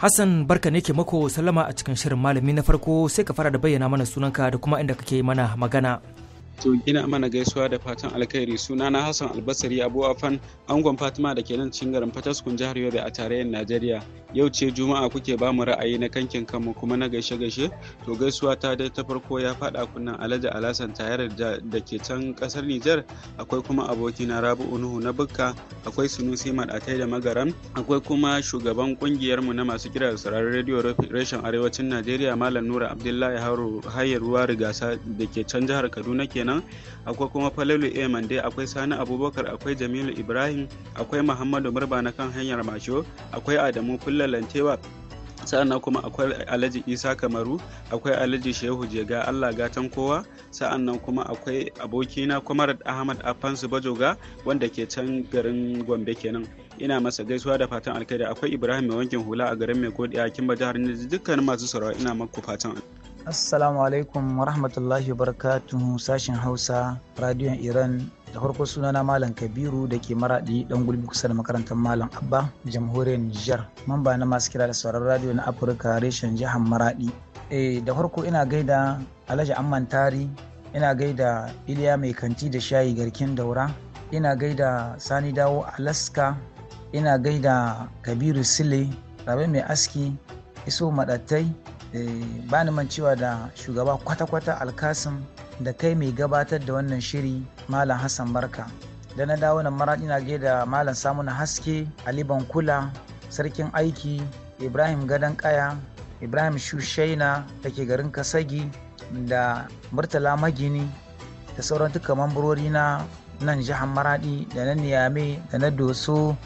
Hassan barka ne ke mako sallama a cikin shirin malami na farko sai ka fara da bayyana mana sunanka da kuma inda kake mana magana. to gina mana gaisuwa da fatan alkhairi suna na Hassan Albasari Abu Afan angon Fatima da ke nan cikin garin Fataskun jihar Yobe a tarayyar Najeriya yau ce Juma'a kuke ba mu ra'ayi na kankin kanmu kuma na gaishe gaishe to gaisuwa ta dai ta farko ya faɗa kunnan Alhaji Alhassan tayar da ke can ƙasar Nijar akwai kuma aboki na Rabu Nuhu na Bukka akwai Sunusi Madatai da magaran? akwai kuma shugaban kungiyar mu na masu kira da sauraron rediyo reshen arewacin Najeriya Malam Nura Abdullahi Hayar Ruwa Rigasa da ke can jihar Kaduna kenan kenan akwai kuma falalu a mande akwai sani abubakar akwai jamilu ibrahim akwai muhammadu murba na kan hanyar masho akwai adamu fullalantewa sa'annan kuma akwai alhaji isa kamaru akwai alhaji shehu jega allah gatan kowa sa'annan kuma akwai abokina kwamar ahmad afansu bajoga wanda ke can garin gombe kenan ina masa gaisuwa da fatan alkaida akwai ibrahim mai wankin hula a garin mai godiya kimba jihar dukkanin masu sarawa ina maku fatan Assalamu alaikum wa rahmatullahi barakatuhu sashen Hausa radiyon Iran da farko sunana Malam Kabiru da ke maraɗi ɗan gulbi kusa da makarantar Malam Abba jamhuriyar Niger. mamba na masu kira da sauran radiyo na Afirka reshen jihar maraɗi. Eh da farko ina gaida Alhaji Amman Tari ina gaida Iliya Mai Kanti da Shayi Garkin Daura ina gaida Sani Dawo Alaska ina gaida Kabiru Sile Rabe Mai Aski Iso Maɗattai Eh, ba ni cewa da shugaba kwata-kwata alkasim da kai mai gabatar da wannan shiri malam hassan barka da na dawo na mara ina da malam samun haske ali Kula, sarkin aiki ibrahim gadon kaya ibrahim shushaina da ke garin kasagi da murtala magini da sauran duka mambarori na nan jihar maradi da na niyame da na doso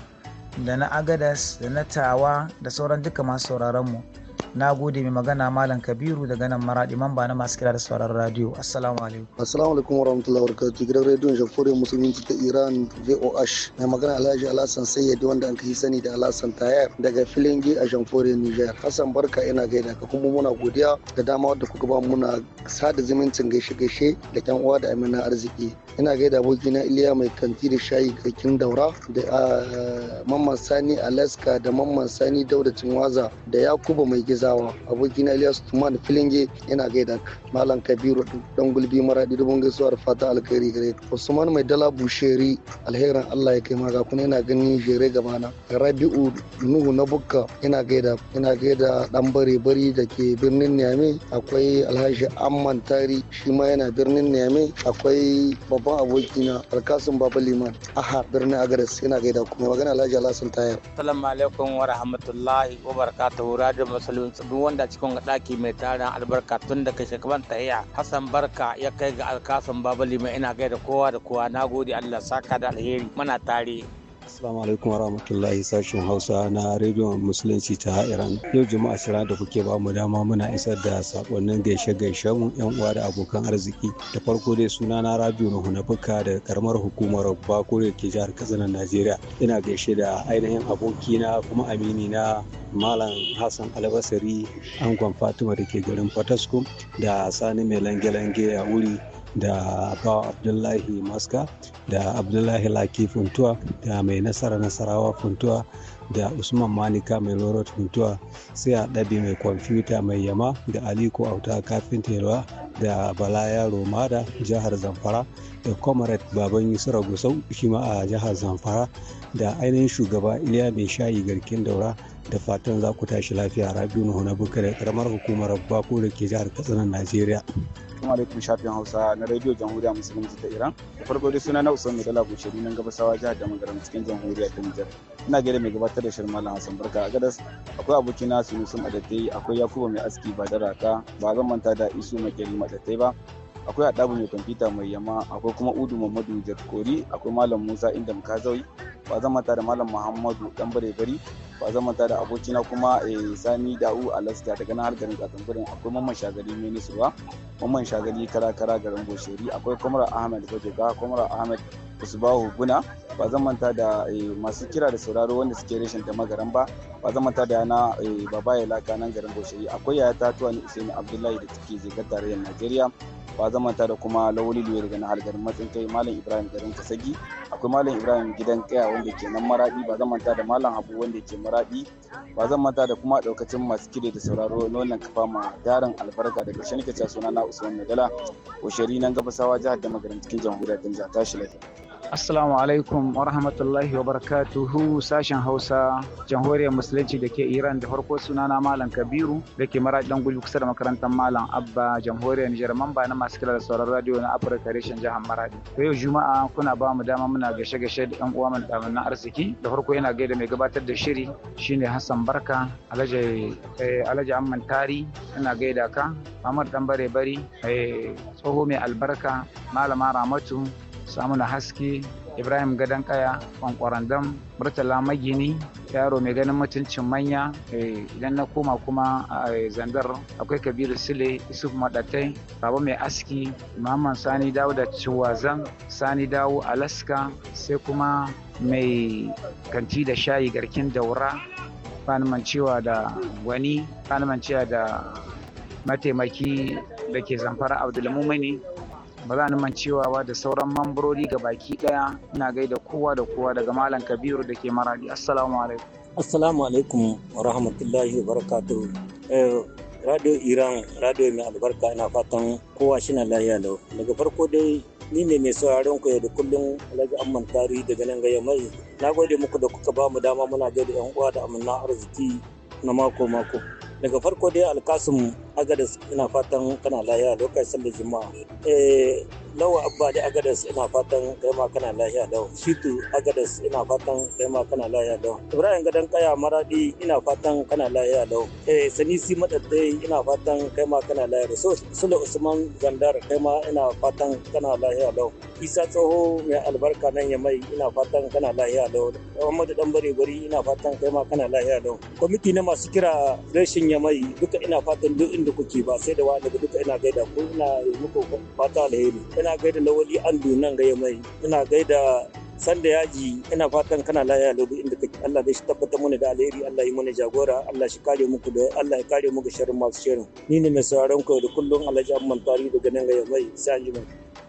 da na agadas da na tawa da sauran duka masu sauraronmu mu na gode mai magana malam kabiru daga nan maradi mamba na masu kira da sauran radio assalamu alaikum assalamu alaikum warahmatullahi wabarakatuh gidan rediyon jamhuriyar musulunci ta iran voh mai magana alhaji alhassan sayyid wanda an kai sani da alhassan tayar daga filin gi a jamfuri niger hassan barka ina gaida ka kuma muna godiya da dama wadda kuka ba muna sada zumuncin gaishe gaishe da yan uwa da amina arziki ina gaida na iliya mai kanti da shayi kakin daura da ah, mamman sani alaska da mamman sani dauda cinwaza da yakuba mai giza Zawa abokina Ilyas Tumani Filinge yana gaida Malam Kabiru dan gulbi maradi dubun gaisuwar da fata alkhairi gare Usman Mai Dala Busheri alherin Allah ya kai maka kuna yana ganin jere gaba na, Rabiu Nuhu na Bukka yana gaida yana gaida dan bare bari dake birnin Niamey akwai Alhaji Amman Tari shi ma yana birnin Niamey akwai babban abokina Alkasim Baba Liman aha birnin Agares yana gaida kuma magana Alhaji Alhassan Tayar. Assalamu alaikum wa rahmatullahi wa barakatuhu Radio Musulmi duk wanda cikin ɗaki mai tarin albarka tun daga shekaban iya hassan barka ya kai ga alkasan babali mai ina gaida kowa da kowa na gode allah saka da alheri mana tare Assalamu alaikum wa rahmatullahi sashen Hausa na rediyon Musulunci ta Iran. Yau juma'a shira da kuke ba mu dama muna isar da sakonnin gaishe gaishe mu yan uwa da abokan arziki. Da farko dai suna na Rabiu na Hunafuka da karamar hukumar Bako da ke jihar Katsina Najeriya. Ina gaishe da ainihin abokina kuma amini na Malam Hassan Albasari angon Fatima da ke garin Fatasko da Sani Mai Lange-Lange a wuri da bawa abdullahi maska da abdullahi laki funtuwa da mai nasara nasarawa funtuwa da usman manika mai lorot funtuwa sai a ɗabi mai kwamfuta mai yama da aliko auta kafin telwa da bala yaro mada jihar zamfara da comrade baban yusra gusau shi ma a jihar zamfara da ainihin shugaba iliya mai shayi garkin daura da fatan za ku tashi lafiya rabiu nuhu na bukare karamar hukumar bako da ke jihar katsina najeriya assalamu alaikum shafin hausa na radio jamhuriya musulunci ta iran da farko dai suna na usman mai dala gushari nan gabasawa jihar da magana cikin jamhuriya ta nijar ina gaida mai gabatar da shirin malam hassan barka a gadas akwai abokina sunusun adadai akwai yakuba mai aski ba da raka ba zan manta da isu makeri madatai ba akwai adabu mai kwamfuta mai yama akwai kuma udu mamadu jarkori akwai malam musa inda mukazawi ba zan manta da malam muhammadu dan bare-bari ba zan manta da abokina kuma eh, sani da'u alaska daga nan har garin katsambirin akwai mamman shagali nisuwa mamman shagali kara-kara garin goshori akwai kwamra ahmed bajoga kwamra ahmed usbahu guna ba zan manta da eh, masu kira da sauraro wanda suke reshen da magaran ba ba zan manta da na eh, baba ya laka nan garin goshori akwai yaya tatuwa ni usaini abdullahi da take zikar tarayyar najeriya ba ta da kuma lawali luwe daga nahal garin matsin kai malam ibrahim garin kasagi akwai malam ibrahim gidan kaya wanda ke nan maradi ba ta da malam habu wanda ke maradi ba ta da kuma daukacin masu kire da sauraro nonon kafa ma darin albarka daga shanika suna na usman nadala ko shari nan gabasawa jihar da magarin cikin jamhuriyar ta tashi lafiya Assalamu alaikum wa rahmatullahi wa barakatuhu sashen Hausa jamhuriyar musulunci da ke Iran da farko sunana Malam Kabiru da ke mara dan gudu kusa da makarantar Malam Abba jamhuriyar Nijar mamba na masu kira da sauran radio na Afirka reshen jihar Maradi. To yau Juma'a kuna ba mu dama muna gashe gashe da yan uwa mu da na arziki da farko yana gaida mai gabatar da shiri shine Hassan Barka Alhaji eh, Alhaji Amman Tari ina gaida ka Ahmad Dambare Bari eh, tsoho mai albarka Malama Ramatu samun haske ibrahim gadon kaya kwankwarandam murtala magini yaro mai ganin mutuncin manya eh, idan na koma kuma a zandar akwai kabiru sule isuf madatai baba mai aski muhammad sani dawo da ciwazan sani dawo alaska sai kuma mai kanti da shayi garkin daura cewa da wani cewa da mataimaki da ke zamfara abdulmumini ba za ni ba da sauran mambarori ga baki daya ina gaida kowa da kowa daga malam kabiru da ke maradi assalamu alaikum assalamu alaikum wa rahmatullahi wa eh, radio iran radio mai albarka ina fatan kowa shi na lahiya lau daga farko dai ni ne mai sauraron ku da kullum alhaji amman tarihi daga nan gaya mai na gode muku da kuka ba mu dama muna gaida yan uwa da amina arziki na mako mako daga farko dai alkasum agadis ina fatan kana lahiya lokacin da juma'a eh, lawa abba da agadas ina fatan kai ma kana lahiya lau shitu agadas ina fatan kai ma kana lahiya lau ibrahim gadan kaya maradi ina fatan kana lahiya lau eh sanisi madaddai ina fatan kai ma kana lahiya so sule usman zandar kai ma ina fatan kana lahiya lau isa tsoho mai albarka nan ya mai ina fatan kana lahiya lau muhammadu dan bare bari ina fatan kai ma kana lahiya lau kwamiti na masu kira reshin ya mai duka ina fatan duk inda kuke ba sai da wani duka ina gaida ku ina muku fata alheri ina gaida lawali andu nan gaya mai ina gaida sanda yaji ina fatan kana lafiya lodu inda kake Allah da shi tabbatar mana da alheri Allah yi mana jagora Allah shi kare muku da Allah ya kare muku sharrin masu sharrin ni ne mai sauraron ku da kullun Alhaji Amman Tari daga nan gaya mai sai anjima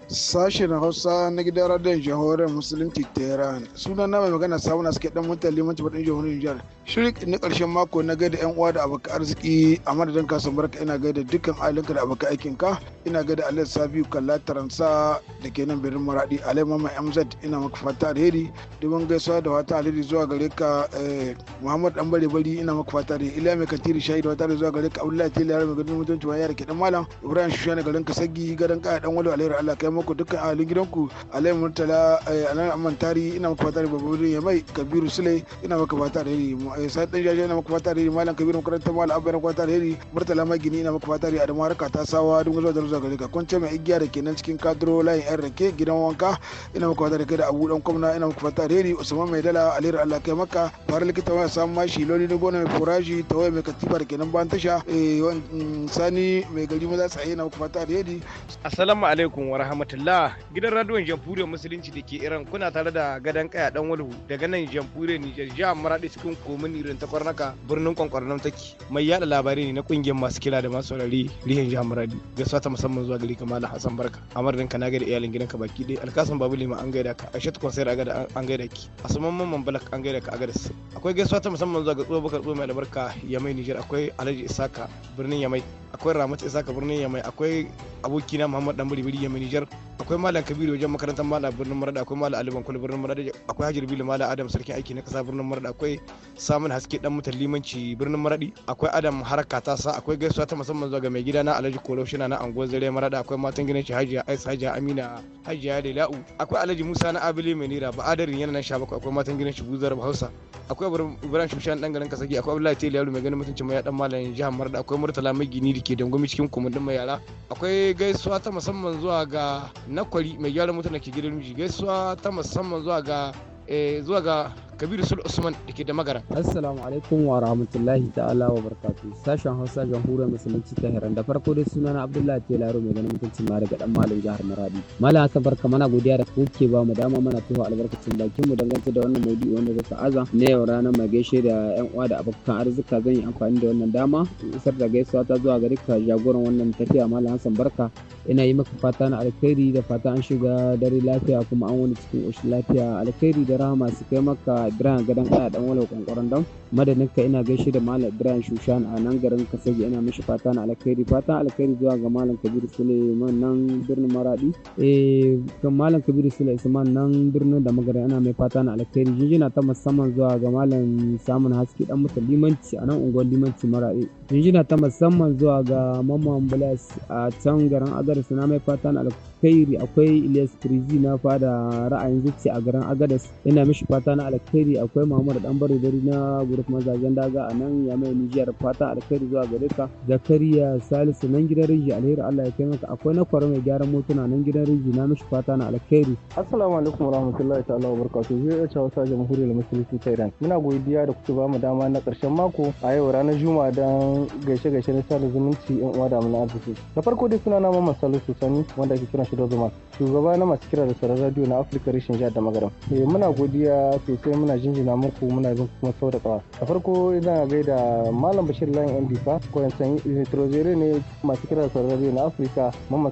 Sashen Hausa na gidan radiyon jihohar Musulunci Tehran. Sunan na mai magana samuna suke dan mutane mace faɗin jihohar Nijar. shirik na karshen mako na gaida yan uwa da abokan arziki a madadin kasan barka ina gaida dukkan ahalinka da abokan aikinka ina gaida alhaji sabiu kalla taransa da ke nan birnin maradi alhaji mz ina maka fata alheri domin gaisuwa da wata alheri zuwa gare ka eh, muhammad dan bare bari ina maka fata alheri iliya mai katiri shahi da wata alheri zuwa gare ka abdullahi tele yaro mai gudun mutunci wani yara ke dan malam ibrahim shushana garin kasagi garin kaya dan walo alheri allah kai mako dukkan ahalin gidanku alhaji murtala eh, alhaji amman tari ina maka fata alheri babban ya yamai kabiru sule ina maka fata alheri eh sai dan jaje na maka fata alheri malam kabiru makarantar mal abba na kwata alheri murtala magini na maka fata alheri adamu harka ta sawa dun zuwa da zuwa gare ka kunce mai igiya da kenan cikin kadro layin yan rake gidan wanka ina maka fata da kai da abu dan kwamna ina maka fata alheri usman mai dala alheri Allah kai maka fara likita waya samu mashi loli na gona mai furaji tawaye mai katifa da kenan ban tasha eh, mm, sani mai gari maza tsaye na maka fata alheri assalamu alaikum wa rahmatullah gidan radiyon jamhuriyar musulunci da ke iran kuna tare da gadan kaya dan walhu daga nan jamhuriyar Nijar jihar Maradi cikin komai munirin ta kwarnaka birnin kwankwarnan take mai yada labarai ne na kungiyar masu kila da masu saurari rihin jihar muradi gaisuwa ta musamman zuwa gari kamar da hassan barka amarin ka nagari iyalin gidanka baki dai alkasan babu lima an gaida ka aishat kwasayar agada an gaida ki a saman mamman balak an gaida ka agadas akwai gaisuwa ta musamman zuwa ga tsohon bakar tsohon mai albarka yamai nijar akwai alhaji isaka birnin yamai akwai ramat isaka birnin yamai akwai abokina muhammad dan biribiri yamai nijar akwai malam kabiru wajen makarantar malam birnin maradi akwai malam aliban kwal birnin maradi akwai hajjar bilu malam adam sarkin aiki na kasa birnin maradi akwai sa samun haske dan mutan limanci birnin maradi akwai adam haraka ta sa akwai gaisuwa ta musamman zuwa ga mai gida na alhaji kolo na anguwar zare maradi akwai matan gidan shi hajiya aisa hajiya amina hajiya lela'u akwai alhaji musa na abili mai nira ba adarin yana nan sha bakwai akwai matan gidan shi buzar hausa akwai ibrahim shushan dan garin kasagi akwai abdullahi tele yalu mai ganin mutunci mai dan malamin jihar maradi akwai murtala mai gini ke dangwami cikin kumundin mai yara akwai gaisuwa ta musamman zuwa ga nakwari mai gyara mutane ke gidan miji gaisuwa ta musamman zuwa ga eh, zuwa ga kabiru sul usman da ke da magara assalamu alaikum wa rahmatullahi ta'ala wa barkatu sashen hausa jamhuriyar musulunci ta hiran da farko dai sunana abdullahi telaro mai ganin mutuncin ma daga dan malam jihar maradi malam hasan barka mana godiya da kuke ba mu dama mana tuhu albarkacin bakin mu dangance da wannan maudu'i wanda zai aza na yau ranar mai gaishe da yan uwa da abokan arzika zan yi amfani da wannan dama isar da gaisuwa ta zuwa gari ka jagoran wannan tafiya malam hasan barka ina yi maka fata na alkhairi da fata an shiga dare lafiya kuma an wani cikin ƙoshin lafiya alkhairi da rahama su kai maka a biran gadan kada dan wala kwankwaran dan madadin ka ina gaishe da malam ibrahim shushan a nan garin kasage ina mishi fata na alkhairi fata alkhairi zuwa ga malam kabiru sule nan birnin maradi eh kan malam kabiru sule isman nan birnin da magare ina mai fata na alkhairi jinjina ta musamman zuwa ga malam samun haske dan mutu limanci a nan unguwar limanci maradi jinjina ta musamman zuwa ga mamman bulas a can garin agadas na mai fata na alkhairi akwai ilyas kirji na fada ra'ayin zuci a garin agadas ina mishi fata na alkhairi akwai mahmud dan bari na gurfa Mazajen zagen daga a nan ya mai Nijiyar fatan alkhairi zuwa gare ka Zakariya Salisu nan gidan rinji alheri Allah ya taimaka akwai na kwaro mai gyaran motuna nan gidan rinji na mishi fata na alkhairi Assalamu alaikum warahmatullahi ta'ala wabarakatuh zai iya cewa sajin da musulunci ta Iran muna godiya da kuke bamu dama na karshen mako a yau ranar Juma'a dan gaishe gaishe na sada zumunci yan uwa da amina arziki da farko dai sunana Mamman Salisu Sani wanda ake kira shi da Zuma shugaba na masu kira da sauran radio na Afirka Rishin Jihar da Magaram eh, muna godiya sosai muna jinjina muku muna bin kuma sau da da farko ina gaida malam bashir layin yan difa kwarantan nitrozere ne masu kira saurari na afirka mamman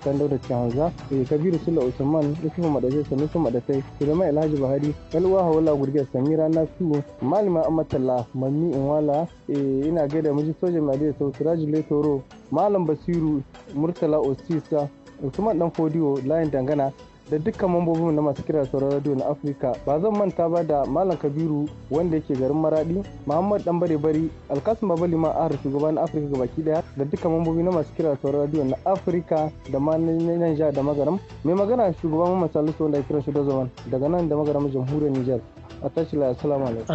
hanza da eh, kabiru sula usman yusufu madasai sanusi madasai sulaiman alhaji buhari yalwa hawala gurgiyar samira su malima amatalla mammi inwala eh, ina gaida miji sojan madiya sau siraji letoro malam basiru murtala osisa usman dan fodiyo layin dangana da dukkan mambobin na masu kira sauran radio na afirka ba zan manta ba da malam kabiru wanda yake garin maradi muhammad dan bare bari alkasim babali ma ahar shugaba na afirka gabaki daya da dukkan mambobi na masu kira sauran radio na afirka da ma da magaram mai magana shugaban mamman salisu wanda ya kira shi da zaman daga nan da magaram jamhuriyar nijar a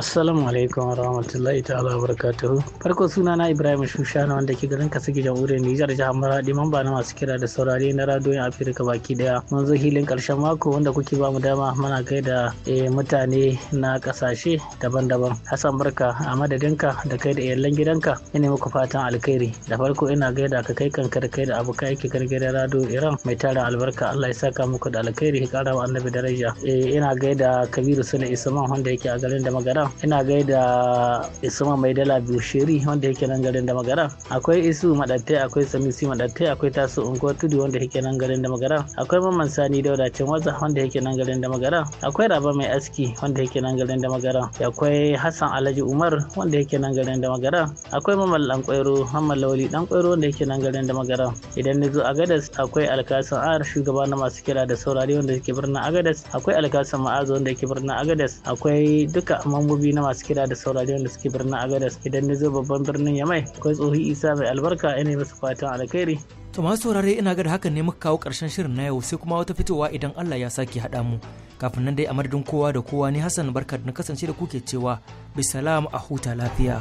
assalamu alaikum wa rahmatullahi ta'ala wa barakatuhu farko suna na ibrahim shushana wanda ke garin kasige jamhuriyar nijar jihar maradi mamba na masu kira da saurari na radiyon afirka baki daya mun zo hilin karshen mako wanda kuke ba mu dama mana kai da eh, mutane na kasashe daban-daban hassan barka a madadinka da kai da iyalan gidanka ina muku fatan alkhairi da farko ina gaida ka kai kanka kai da abokai yake gargara rado iran mai tara albarka allah ya saka muku da alkhairi ya kara wa annabi daraja eh, ina gaida kabiru sule isma musamman wanda yake a garin da magara ina gaida Isuma mai dala Bushiri wanda yake nan garin da magara akwai Isu Madatte akwai samisi Madatte akwai Tasu Unguwar Tudu wanda yake nan garin da magara akwai Mamman Sani Dauda waza wanda yake nan garin da magara akwai Raba mai aski wanda yake nan garin da magara akwai Hassan Alhaji Umar wanda yake nan garin da magara akwai maman Dan Kwairo Lawali Dan Kwairo wanda yake nan garin da magara idan na zo Agadas akwai Alkasan Ar shugaba na masu kira da saurari wanda yake birnin Agadas akwai Alkasan Ma'azo wanda yake birnin Agadas akwai duka mambobi na masu kira da saurari wanda suke birnin agadas idan na zo babban birnin yamai akwai tsohi isa mai albarka ina masu fatan alkhairi to masu saurare ina ga da hakan ne muka kawo karshen shirin na yau sai kuma wata fitowa idan Allah ya sake hada mu kafin nan dai a madadin kowa da kowa ne Hassan barka na kasance da kuke cewa bisalam a huta lafiya.